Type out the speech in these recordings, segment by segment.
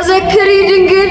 አዘክሪ ድንግል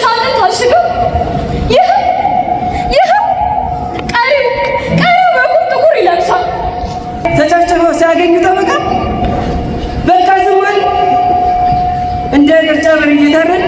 በሳጥን ታሽገው ይህ ይህ ቀሪው ቀሪው በቁም ጥቁር ይለብሳል። ተጨፍጭፈው ሲያገኙ ጠበቃ በቃ ዝም አለ እንደ ቅርጫ በር እየታረደ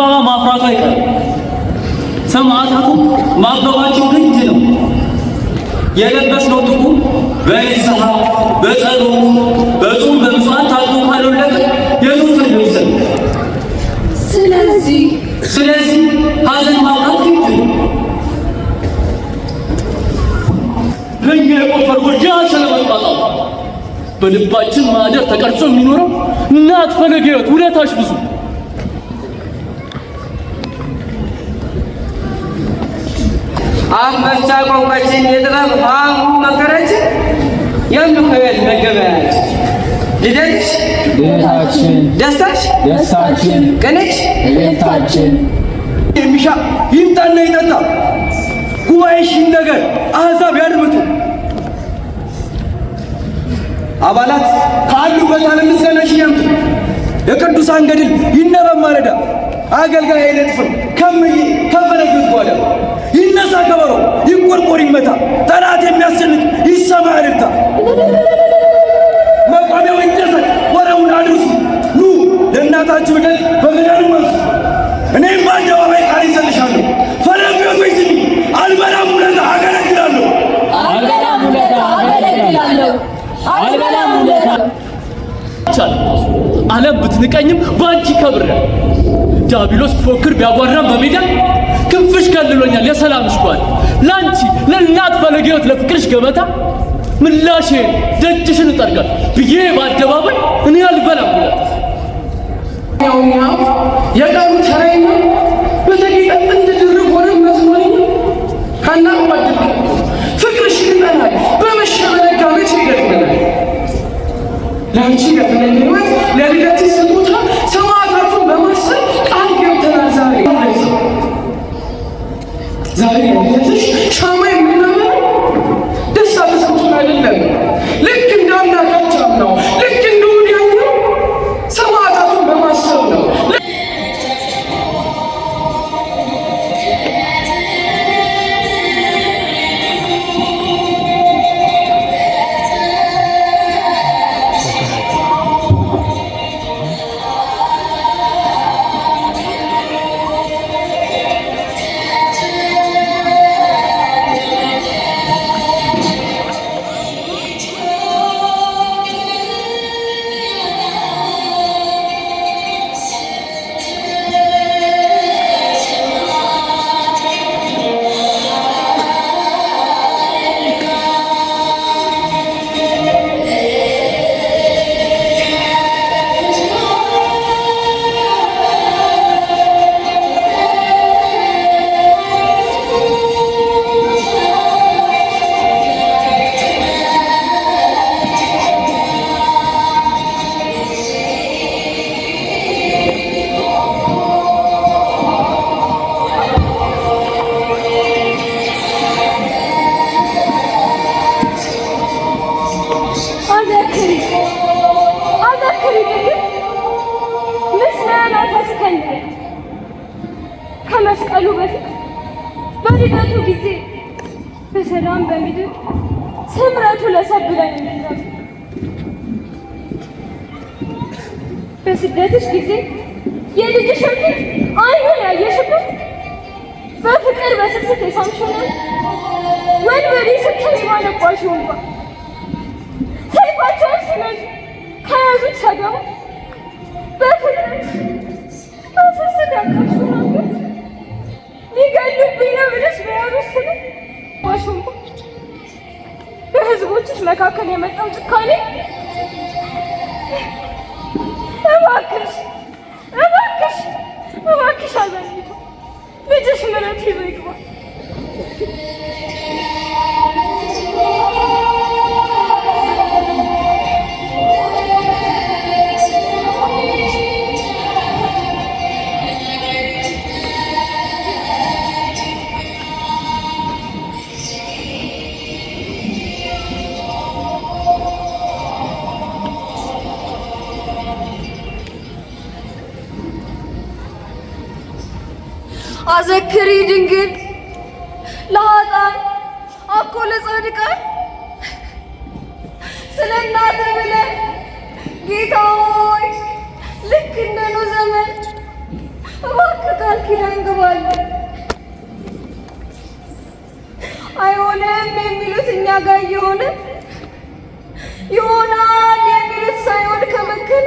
ዘንባባ ማፍራቱ አይቀርም። ሰማዕታቱ ማበባቸው ግድ ነው። የለበስነው ጥቁር በንስሐ በጸሎት በጾም በምጽዋት ታጥቦ ካልወለቀ የሱስ ነው ስለዚህ ስለዚህ ሀዘን ማውጣት ግድ ነው። ለእኛ የቆፈር ወጃ ስለመጣጣው በልባችን ማደር ተቀርጾ የሚኖረው እናት ፈለገ ሕይወት ውለታሽ ብዙ አፍ መፍቻ ቋንቋችን የጥበብ መከረች መከረችን የምክህል መገበያች ልደትሽ ልደታችን ደስታሽ ደስታችን ቀንሽ ቀኔታችን የሚሻ ይምጣና ይጠጣ ጉባኤሽ ይነገር አሕዛብ ያድምጡ አባላት ካሉበት አለምስጋናሽ ያምጡ የቅዱሳን ገድል ይነበብ ማለዳ አገልጋይ አይነጥፍም ከምይ ተፈለግት ጓዳ ይነሳ ከበሮ፣ ይቆርቆር፣ ይመታ፣ ጠላት የሚያስጨንቅ ይሰማ እልልታ። መቋሚያው ይደሰት፣ ወሬውን አድርሱ፣ ኑ ለእናታችሁ ልደት በመዳኑ መልሱ። እኔም በአደባባይ ቃል ይሰጥሻለሁ። ፈለግ ቤቶች ስሚ፣ አልበላም ውለታ አገለግላለሁ፣ አልበላም ውለታ አገለግላለሁ፣ አልበላም ውለታ ዓለም ብትንቀኝም በአንቺ ከብረ ዲያብሎስ ፎክር ቢያጓራም በሜዳ ክንፍሽ ከልሎኛል የሰላምሽ ጓል ላንቺ ለእናት ፈለገ ለፍቅርሽ ገበታ ምላሼ ደጅሽን እጠርጋል ብዬ በአደባባይ እኔ አልበላም ያውኛው የቀሩ ተራይና በተጌጠ ጥንድ ድርብ ሆነ መስሎኝ ጓድል ፍቅርሽ ይጠናል ይገጥመናል ለአንቺ ገጥመኝ ከመስቀሉ በፊት በልደቱ ጊዜ በሰላም በምድር ስምረቱ ለሰብለኝ በስደትሽ ጊዜ የልጅሽን ፊት አይኑን ያየሽበት በፍቅር በስስት የሳምሽውን ወንበዴ ስትል የማነባሽ ወንባ ሰይፋቸውን ሲመዙ ከያዙት ሰገባ መካከል የመጣው ጭካኔ አዘክሪ ድንግል ለኃጥአን አኮ ለጻድቃን ስለ እናተ ብለ ጌታ ሆይ ልክ እንደ ዘመን እባክህ ቃል ኪዳን ግባለን። አይሆንም የሚሉት እኛ ጋር እየሆነ ይሆናል የሚሉት ሳይሆን ከመከለ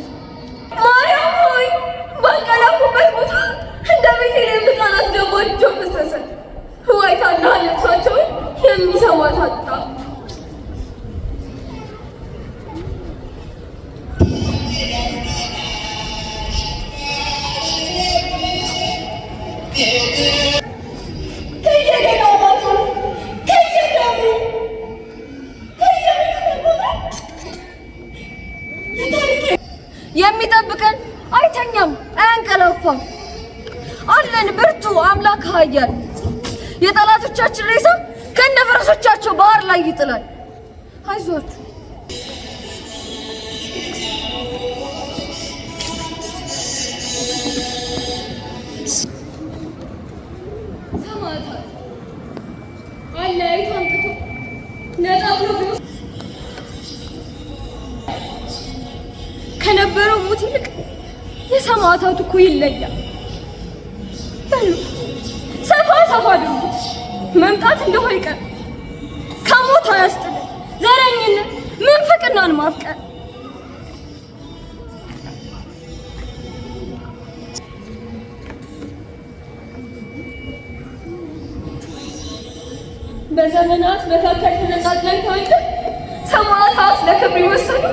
ላይ ይጥላል። አይዟችሁ። ሰማዕታት አለያይቶ ከነበረው ሞት ይልቅ የሰማዕታቱ እኮ ይለያል። በሉ ሰፋ ሰፋ ድርጉት መምጣት እንደሆ ይቀር እሷን ማፍቀር በዘመናት መካከል ተነጣጥለን ተወልደን ሰማዕታት ለክብር የወሰኑ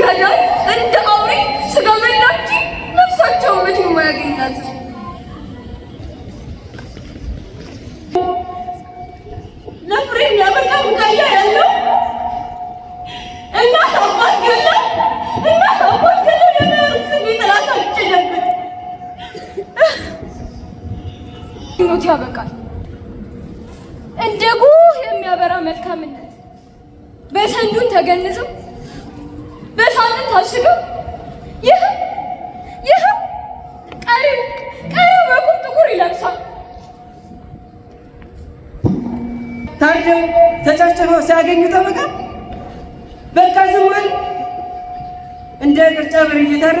ገዳይ እንደ አውሬ ስጋ በላች ነፍሳቸው መቼም አያገኛትም። ኖት ያበቃል። እንደ ጉህ የሚያበራ መልካምነት በሰንዱን ተገንዘው በሳንን ታሽገው ይህ ይህ ቀሪው ቀሪው በቁም ጥቁር ይለብሳል። ታርደው ተጨፍጭፈው ሲያገኙ ጠበቃ በቃ ዝም አለ እንደ ቅርጫ ብር እየታረደ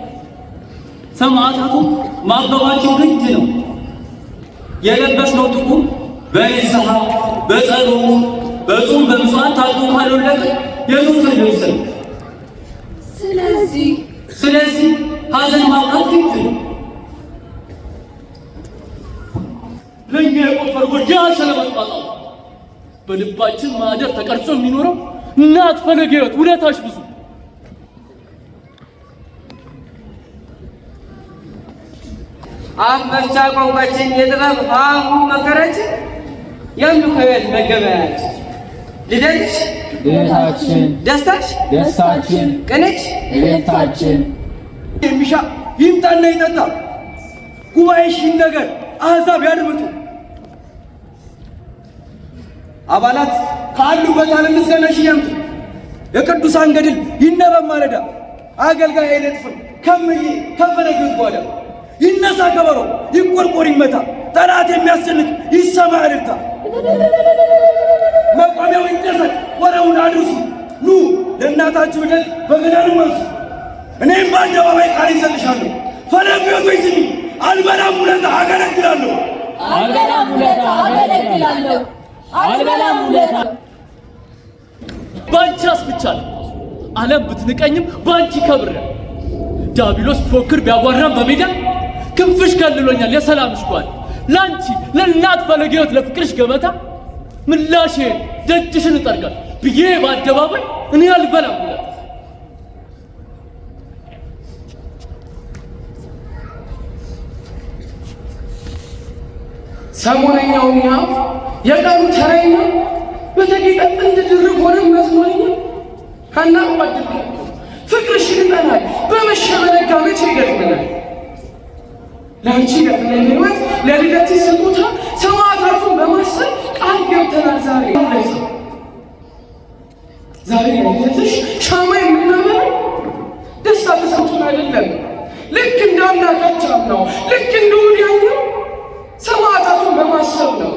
ሰማዕታቱም ማበባቸው ግድ ነው። የለበስነው ጥቁም በንስሐ በጸሎት በጾም በምጽዋት ታጥቦ ካልወለቀ የሱስ ልብስ ነው። ስለዚህ ስለዚህ ሀዘን ማውጣት ግድ ነው። ለእኛ የቆፈር ጎጃ ስለመጥፋጣው በልባችን ማደር ተቀርጾ የሚኖረው እናት ፈለገ ሕይወት ውለታሽ ብዙ አፍ መፍቻ ቋንቋችን የጥበብ አሁ መከረች የአምልኮ ሕይወት መገበያች ልደትሽ ልደታችን ደስታሽ ደስታችን ቅንሽ ቅንታችን የሚሻ ይምጣና ይጠጣ ጉባኤሽ ይነገር አሕዛብ ያድምጡ አባላት ካሉበት ዓለም ምስጋናሽ ያምጡ የቅዱሳን ገድል ይነበብ ማለዳ አገልጋይ አይነጥፍም ከምዬ ከፈለግት ጓዳ ይነሳ ከበሮ፣ ይቆርቆር፣ ይመታ ጠላት የሚያስጨንቅ ይሰማ እልልታ። መቋሚያው ይደሰቅ፣ ወሬውን አድርሱ። ኑ ለእናታችሁ ልደት በገናኑ መልሱ። እኔም በአደባባይ ቃል ይሰጥሻለሁ። ፈለግ ቤቶች ስሚ፣ አልበላም ውለታ አገለግላለሁ። አልበላም ውለታ አገለግላለሁ። አልበላም ውለታ ባንቺ አስፍቻለሁ። ዓለም ብትንቀኝም ባንቺ ከብረ ዳቢሎስ ፎክር ቢያጓራም በሜዳ ክንፍሽ ከልሎኛል የሰላምሽ ጓል ላንቺ ለእናት ፈለገ ለፍቅርሽ ገበታ ምላሼ ደጅሽን እጠርጋል ብዬ በአደባባይ እኔ አልበላም። ሰሞነኛውኛ የቀኑ ተረኛ በተጌጠ ጥንድ ድርብ ሆነ መስሞኛ አናቋድርከ ፍቅርሽ ይጠናል በመሸበረጋ መቼ ይገጥመናል ለአንቺ ለህይወት ለልደት ስጦታ ሰማዕታቱን በማሰብ ቃል ገብተናል። ዛሬ ለዛ ዛሬ ለልደትሽ ሻማ የምናበራው ደስታ ተሰምቶን አይደለም። ልክ እንዳናቃቸው ነው። ልክ እንደውዲያኛው ሰማዕታቱን በማሰብ ነው።